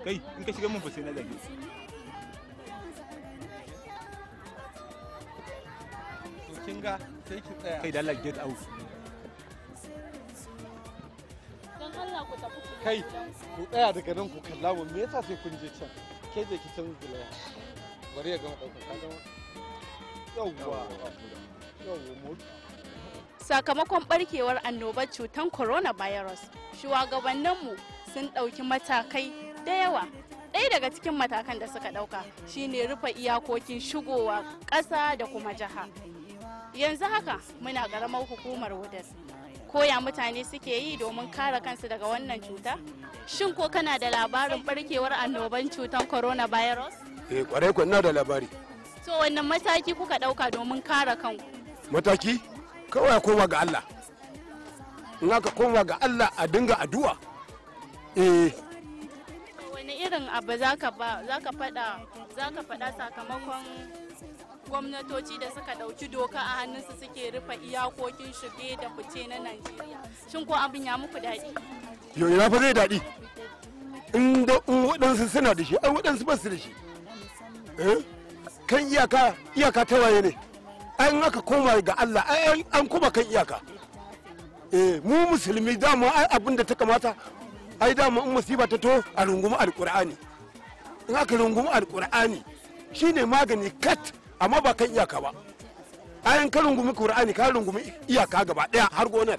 kai in ka shiga mun fa sai na zage kin ga sai ki tsaya kai da Allah get out kai ku tsaya daga nan ku kalla mu sakamakon barkewar annobar cutar coronavirus shugabanninmu sun ɗauki matakai da yawa ɗaya daga cikin matakan da suka ɗauka shine rufe iyakokin shigowa ƙasa da kuma jiha yanzu haka muna ƙaramar hukumar wudas koya mutane suke yi domin kare kansu daga wannan cuta shin ko kana da labarin barkewar annoban cutar coronavirus eh kwarai ku ina da labari to wannan mataki kuka dauka domin kare kanku mataki kawai koma ga Allah in aka koma ga Allah a dinga addu'a eh wani irin abu zaka ba zaka fada zaka fada sakamakon gwamnatoci da suka ɗauki doka a hannunsu suke rufe iyakokin shige da fice na Najeriya. Shin ko abin ya muku daɗi? Yo ina fa zai daɗi. In da waɗansu suna da shi, ai waɗansu ba su da shi. Eh? Kan iyaka, iyaka ta waye ne. An aka koma ga Allah, an kuma kan iyaka. Eh, mu musulmi dama abin da ta kamata ai dama in musiba ta to a rungumi alkur'ani in aka rungumi alkur'ani shine magani kat amma ba kan iyaka ba ayan ka rungumi qur'ani ka rungumi iyaka gaba daya har gonar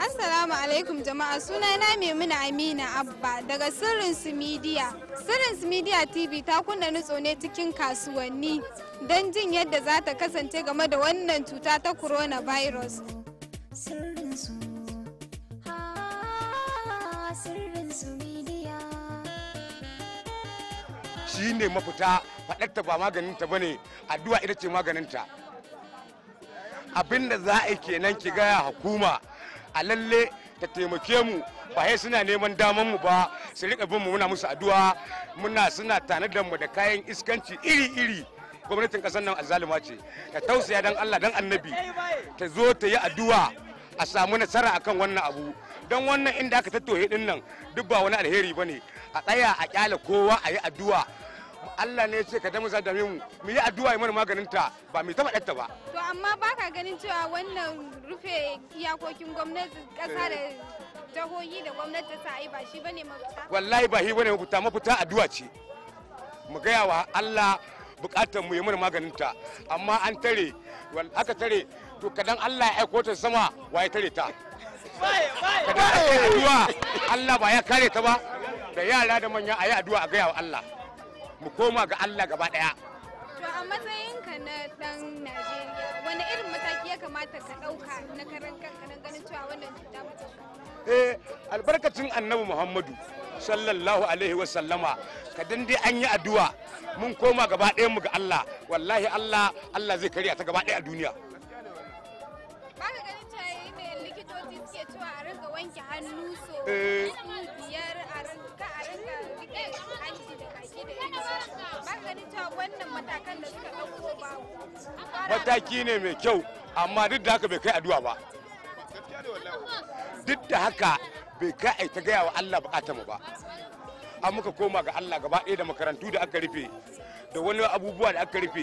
Assalamu alaikum jama'a sunana Maimuna Amina Abba daga Sirrin su Media. Sirrin su Media TV ta kunna nutso ne cikin kasuwanni don jin yadda za ta kasance game da wannan cuta ta coronavirus. Shi ne mafita faɗarta ba maganinta ba ne addu'a ita ce maganinta abinda za a kenan ki gaya hukuma a lalle ta taimake mu ba sai suna neman daman mu ba su rika bin mu muna musu addu'a muna suna tanadar mu da kayan iskanci iri-iri gwamnatin kasar nan azzalima ce ta tausaya dan Allah dan annabi ta zo ta yi addu'a a samu nasara akan wannan abu don wannan inda aka tattoye din nan duk ba wani alheri bane a tsaya a kyala kowa a yi addu'a Allah ne ce ka damu da mu mu yi addu'a mana maganin ta ba mu taba ɗatta ba to amma baka ganin cewa wannan rufe iyakokin gwamnati ƙasa da eh. jahohi da gwamnati ta yi ba shi bane mafita wallahi ba shi bane mafita mafita addu'a ce mu gaya wa Allah buƙatar mu yi mana maganin ta amma an tare aka tare to kadan Allah ya aiko ta sama waye tare ta kadan addu'a Allah ba ya kare ta ba da yara da manya a yi addu'a a gaya wa Allah mu koma ga Allah gaba daya to a matsayin ka na dan Najeriya wani irin mataki ya kamata ka dauka na karan kanka na ganin cewa wannan cuta ba ta eh albarkacin Annabi Muhammadu sallallahu alaihi wa sallama ka dan dai an yi addu'a mun koma gaba daya mu ga Allah wallahi Allah Allah zai kariya ta gaba daya a duniya ba ka ganin suke cewa a wanke hannu so eh. biyar a rinka mataki ne mai kyau amma duk da haka bai kai addu'a ba duk da haka bai kai ai ta gaya wa Allah bukatar mu ba an muka koma ga Allah gaba ɗaya da makarantu da aka rufe da wani abubuwa da aka rufe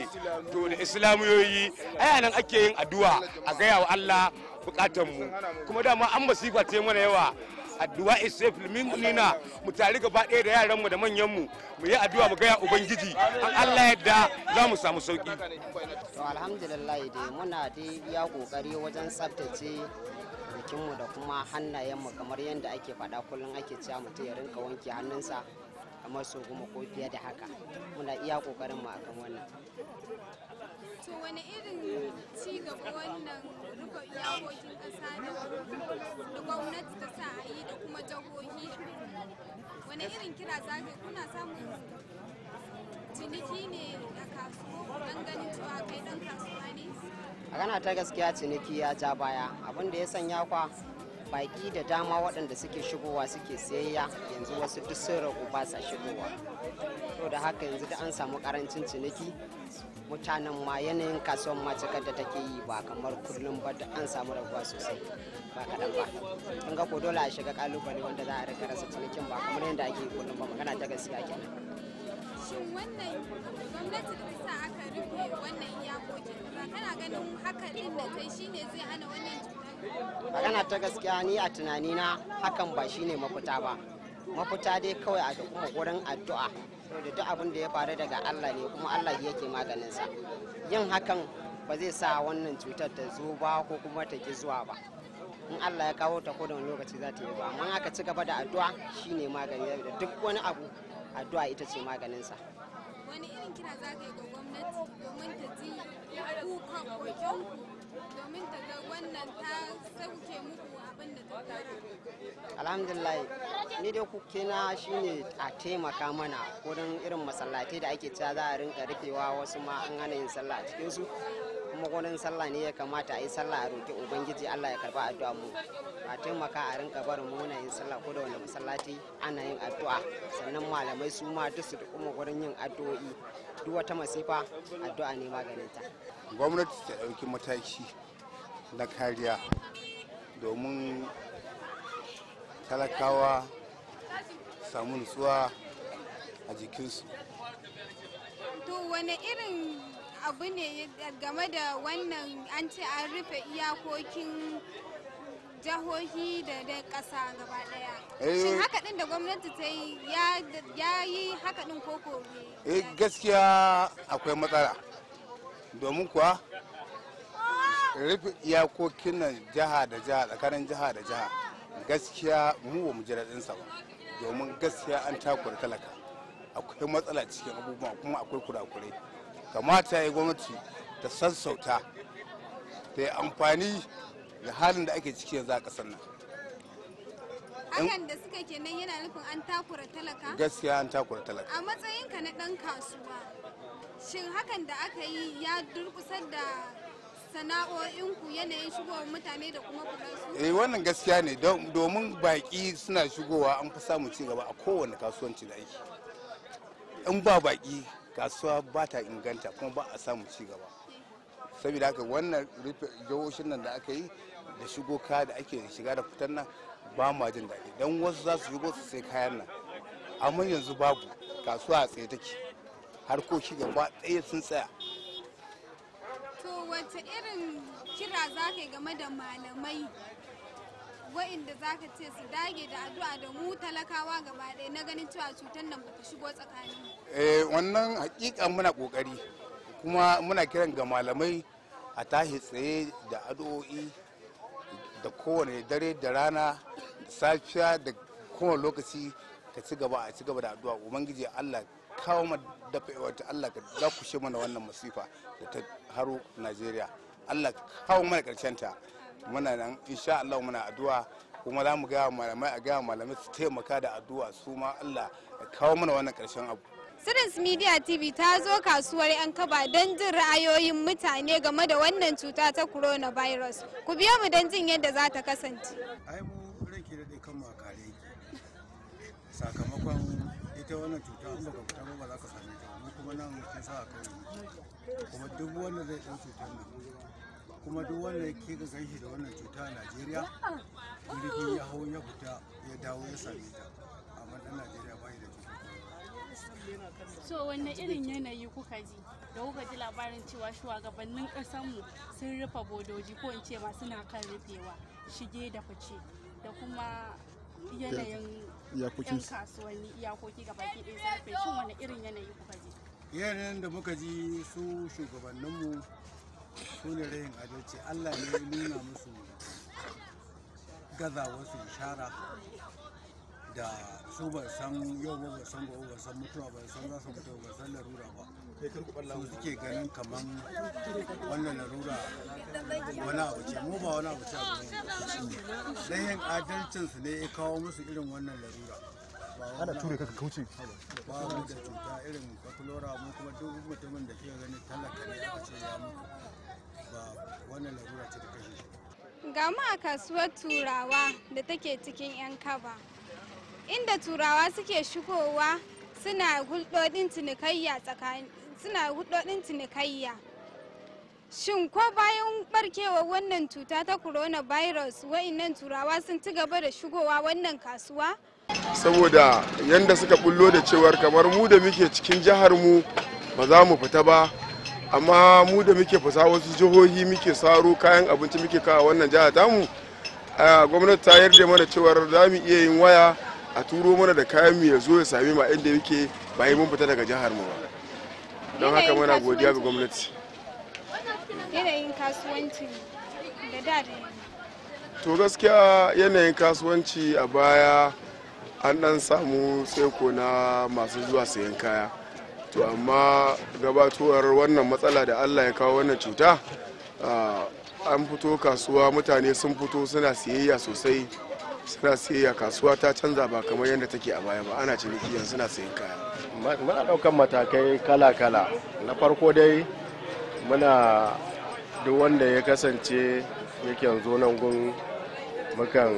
to da islamiyoyi ai nan ake yin addu'a a gaya wa Allah bukatar mu kuma dama an masifa ce mana yawa addu'a is safe nina mu tare gaba ɗaya da yaran mu da manyan mu mu yi addu'a mu gaya ubangiji an Allah yadda za mu samu sauki to alhamdulillah dai muna da ya kokari wajen tsaftace jikinmu da kuma hannayenmu kamar yadda ake faɗa kullum ake cewa mutum ya rinka wanke hannunsa kamar so goma ko fiye da haka muna iya kokarin mu akan wannan to wani irin ci gaba wannan rufe iyakokin ƙasa da gwamnati ta sa a yi da kuma jagohi wani irin kira zage kuna samun ciniki ne a kasuwa don ganin cewa kai dan kasuwa ne a gana ta gaskiya ciniki ya ja baya abin da ya sanya kwa baki da dama waɗanda suke shigowa suke sayayya yanzu wasu duk sun ragu ba sa shigowa to da haka yanzu da an samu karancin ciniki mutanen ma yanayin kasuwan ma cikar da take yi ba kamar kullum ba da an samu rabuwa sosai ba kaɗan ba an ga ko dole a shiga kalubale wanda za a rika rasa cinikin ba kamar yadda ake yi kullum ba magana ta gaskiya kenan shin wannan gwamnati da sa aka rufe wannan iyakokin ba kana ganin haka din da kai shine zai hana wannan magana ta gaskiya ni a tunanina hakan ba shine mafita ba mafita dai kawai a kuma wurin addu'a saboda duk abin da ya faru daga Allah ne kuma Allah yake maganin sa yin hakan ba zai sa wannan cutar ta zo ba ko kuma ta ki zuwa ba in Allah ya kawo ta ko da wani lokaci za ta yi ba amma aka ci gaba da addu'a shine magani da duk wani abu addu'a ita ce maganin sa wani irin kira za ka yi ga gwamnati domin ta ji ku kan domin wannan ta sauke muku abin alhamdulillah ni dai kuke na shine a taimaka mana wurin irin masallatai da ake cewa za a rinka rufewa wasu ma an hana yin sallah a cikinsu kuma gonin sallah ne ya kamata a yi sallah a roƙi ubangiji allah ya karba addu'a mu a taimaka a rinka bar mu yin sallah ko da wani masallaci ana yin addu'a sannan malamai su ma duk su kuma wurin yin addu'o'i duk wata masifa addu'a ne maganin ta. gwamnati ta ɗauki mataki na kariya domin talakawa samu nutsuwa a jikinsu to irin abu ne game da wannan an ce an rufe iyakokin jahohi da dai ƙasa gaba daya eh. Shin haka ɗin da gwamnati ta yi ya yi haka ɗin koko ne? Eh, gaskiya akwai matsala. Domin kuwa rufe iyakokin nan jiha da jiha tsakanin jiha da jiha gaskiya mu ba mu ji sa ba. Domin gaskiya an takura talaka. Akwai matsala cikin abubuwa kuma akwai kurakurai. kamata ya gwamnati ta sassauta ta yi amfani da halin da ake ciki yanzu a kasar nan hakan da suka ke nan yana nufin an takura talaka gaskiya an takura talaka a matsayinka na dan kasuwa shin hakan da aka yi ya durkusar da sana'o'inku yanayin shigowar mutane da kuma kudansu? eh wannan gaskiya ne domin baƙi suna shigowa an fi samun cigaba a kowane kasuwanci da aiki in ba baƙi kasuwa ba ta inganta kuma ba a samu ci gaba saboda haka wannan rufe jihohin nan da aka yi da shigo kaya da ake shiga da fitar nan ba ma jin daɗi don wasu za su shigo su sai kayan nan amma yanzu babu kasuwa a tsaye take harkoki gaba ɗaya sun tsaya to wace irin kira za ka game da malamai wa'inda za ka ce su dage da addu'a da mu talakawa gaba ɗaya na ganin cewa cutar nan ba ta shigo tsakanin eh wannan hakika muna kokari kuma muna kiran ga malamai a tashi tsaye da addu'o'i da kowane dare da rana da safiya da kowane lokaci ka ci gaba a ci gaba da addu'a ubangiji Allah kawo mu wata Allah ka dakushe mana wannan masifa da ta haro Najeriya Allah kawo mana karshen ta muna nan insha Allah muna addu'a kuma za mu ga malamai a ga malamai su taimaka da addu'a su ma Allah ya kawo mana wannan karshen abu Sirins Media TV ta zo kasuwar 'yan kaba don jin ra'ayoyin mutane game da wannan cuta ta coronavirus. Ku biyo mu don jin yadda za ta kasance. Ai mu ranke da dai a kare sakamakon ita wannan cuta an baka fita ba za ka same ta mu kuma nan mun sa kai kuma duk wanda zai ɗan cutar nan kuma duk wanda ke ga shi da wannan cuta a najeriya jirgi ya hau ya fita ya dawo ya same ta amma dan najeriya ba da cuta so wanne irin yanayi kuka ji da kuka ji labarin cewa shugabannin ƙasanmu sun rufe bodoji ko in ce ma suna kan rufewa shige da fice da kuma yanayin yan kasuwanni iyakoki ga baki ɗaya sun rufe shin wani irin yanayi kuka ji yanayin da muka ji su shugabanninmu su ne rayin adalci allah ne ya nuna musu gazawar gazawarsu shara da su ba san yau ba ba san gobe ba san mutuwa ba san za su mutu ba san larura ba su suke ganin kaman wannan larura wani abu ce mu ba wani abu ce abu ne dan yin adalcin su ne ya kawo musu irin wannan larura ana ture ka kauce ba wani da cuta irin kwakulora mu kuma duk mutumin da ke gani talaka ne aka ce ya mutu ba wannan larura ce da kashe shi ga mu a kasuwar turawa da take cikin yan kaba inda turawa suke shigowa suna hulɗoɗin cinikayya suna hulɗoɗin cinikayya Shin ko bayan barkewar wannan cuta ta coronavirus wa'innan turawa sun ci gaba da shigowa wannan kasuwa? saboda yadda suka bullo da cewar kamar mu da muke cikin jihar mu ba za mu fita ba amma mu da muke fasa wasu jihohi muke saro kayan abinci muke kawo wannan jihar tamu gwamnati ta yarda mana cewar za mu iya yin waya a turo mana da kayan mu ya zo ya sami ma inda muke bayi mun fita daga jihar mu ba don haka muna godiya ga gwamnati yanayin kasuwanci da da to gaskiya yanayin kasuwanci a baya an dan samu tseko na masu zuwa sayan kaya to amma gabatowar wannan matsala da allah ya kawo wannan cuta an fito kasuwa mutane sun fito suna siyayya sosai suna siyayya kasuwa ta canza ba kamar yadda take a baya ba ana ciniki yanzu suna sayan kaya muna daukan matakai kala-kala na farko dai muna duk wanda ya kasance yake yanzu nan gun mukan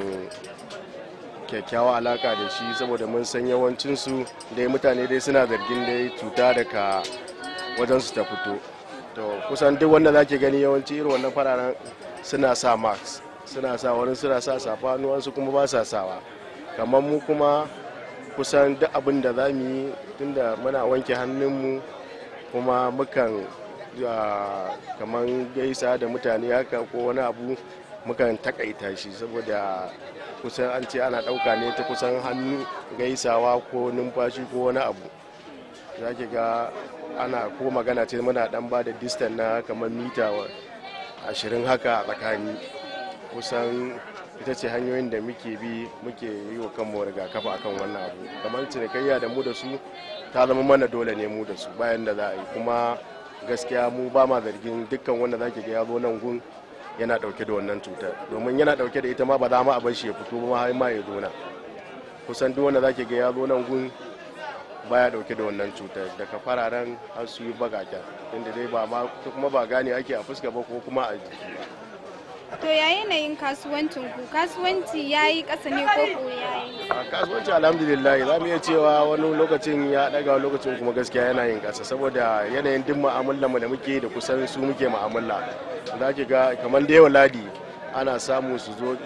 kyakkyawa alaka da shi saboda mun san yawancinsu dai mutane dai suna zargin dai cuta daga wajensu ta fito to kusan duk wanda zake gani yawanci irin wannan fararen suna sa max suna sa wani suna sa safa nuwansu kuma ba sa sawa kamar mu kuma kusan duk abin da za mu yi tunda muna wanke hannunmu kuma mukan ah, kamar gaisa da mutane haka ko wani abu mukan takaita shi saboda kusan an ce ana ɗauka ne ta kusan hannu gaisawa ko numfashi ko wani abu za ki ga ana ko magana ce muna ɗan ba da distan na kamar mita ashirin haka a tsakani kusan ita ce hanyoyin da muke bi muke yi wa kanmu rigakafa akan wannan abu kamar cinikayya da mu da su ta zama mana dole ne mu da su bayan da za a yi kuma gaskiya mu ba ma zargin dukkan wanda za ki ga ya zo nan gun yana dauke da wannan cutar domin yana dauke da ita ma ba za ma bar shi ya fito ma ma ya zo na kusan duk wanda zaki ga ya zo nan gun baya dauke da wannan cutar daga fararen har su yi bagaken inda dai ba ma kuma ba gane ake a fuska ba ko kuma a jiki To ya yanayin kasuwancin ku? Kasuwanci ya yi ƙasa ne ko ko ya yi? Kasuwanci alhamdulillah za mu iya cewa wani lokacin ya ɗaga lokacin kuma gaskiya yana yin ƙasa saboda yanayin duk mu'amalar mu da muke da kusan su muke mu'amala. Za ki ga kamar da yawa ladi ana samu su zo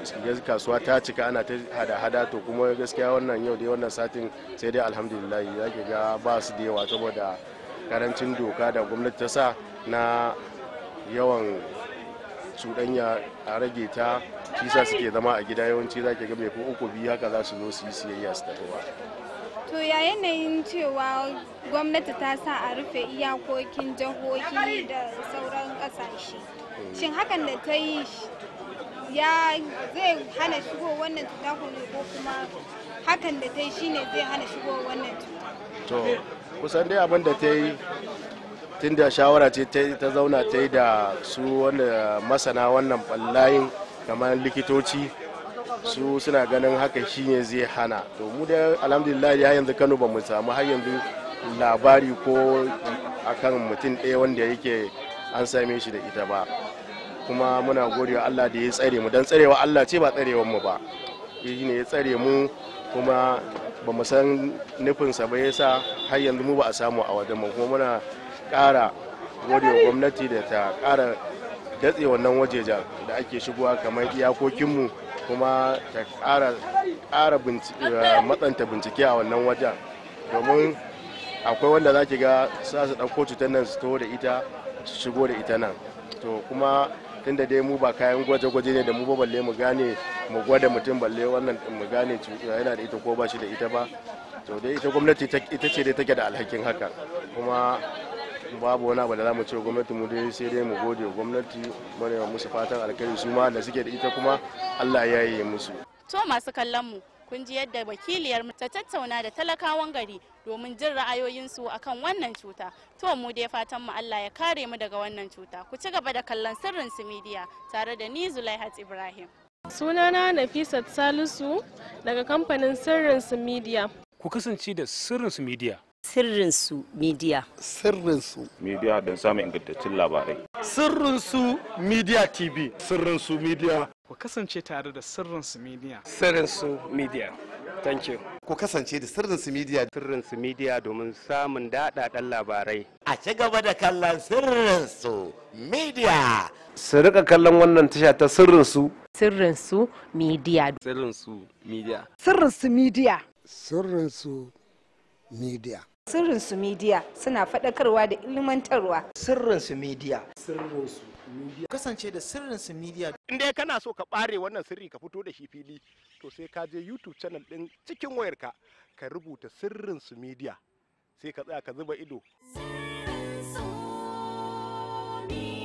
kasuwa ta cika ana ta hada-hada to kuma gaskiya wannan yau dai wannan satin sai dai alhamdulillah za ki ga ba su da yawa saboda karancin doka da gwamnati ta sa na yawan cuɗanya a rage ta kisa suke zama a gida yawanci za ga mai ko uku biyu haka za su zo su yi siyayya su tafi ba to ya yanayin cewa gwamnati ta sa a rufe iyakokin jihohi da sauran kasashe shin hakan da ta yi ya zai hana shigo wannan cuta ko kuma hakan da ta yi shine zai hana shigo wannan cuta to kusan dai abin da ta yi tunda shawara ce ta zauna ta yi da su wanda masana wannan layin kamar likitoci su suna ganin haka shine zai hana to mu da alhamdulillah ya yanzu kano ba mu samu har yanzu labari ko akan mutum ɗaya wanda yake an same shi da ita ba kuma muna godewa allah da ya tsare mu don tsarewa allah ce ba tsarewan mu ba shi ne ya tsare mu kuma ba mu san nufinsa ba yasa har yanzu mu ba a samu a wajen mu kuma muna ƙara gode wa gwamnati da ta ƙara datse wannan wajejen da ake shigowa kamar iyakokinmu kuma ta ƙara eh, matsanta bincike a wannan wajen domin akwai wanda za ki ga sa su ɗauko cutar nan su da ita su shigo da ita nan to kuma tunda dai mu ba kayan gwaje-gwaje ne da mu ba balle mu gane mu gwada mutum balle wannan mu gane eh, yana da ita ko ba shi da ita ba to dai ita gwamnati ita ce dai take da alhakin haka kuma babu wani abu da zamu ce gwamnati mu dai sai dai mu gode gwamnati muna musu fatan alkhairi su ma da suke da ita kuma Allah ya yi musu to masu kallon mu kun ji yadda wakiliyar ta tattauna da talakawan gari domin jin ra'ayoyinsu akan wannan cuta to mu dai fatan mu Allah ya kare mu daga wannan cuta ku ci gaba da kallon sirrin su media tare da ni Zulaihat Ibrahim sunana Nafisat Salisu daga kamfanin sirrin su media ku kasance da sirrin su media Sirrinsu Media. Sirrinsu Media don samun ingantattun labarai. Sirrinsu Media TV. Sirrinsu Media. Ku kasance tare da Sirrinsu Media. Sirrinsu Media. Thank you. Ku kasance da Sirrinsu Media. Sirrinsu Media domin samun daɗaɗɗen labarai. A ci gaba da kallon Sirrinsu Media. Su rika kallon wannan tasha ta Sirrinsu. Sirrinsu Media. Sirrinsu Media. Sirrinsu Media. Sirrinsu Media. sirrin su media suna faɗakarwa da ilmantarwa sirrin su media sirrin su media kasance da sirrin su media in dai kana so ka bare wannan sirri ka fito da shi fili to sai ka je youtube channel din cikin wayarka ka rubuta sirrin su media sai ka tsaya ka zuba ido sirrin su media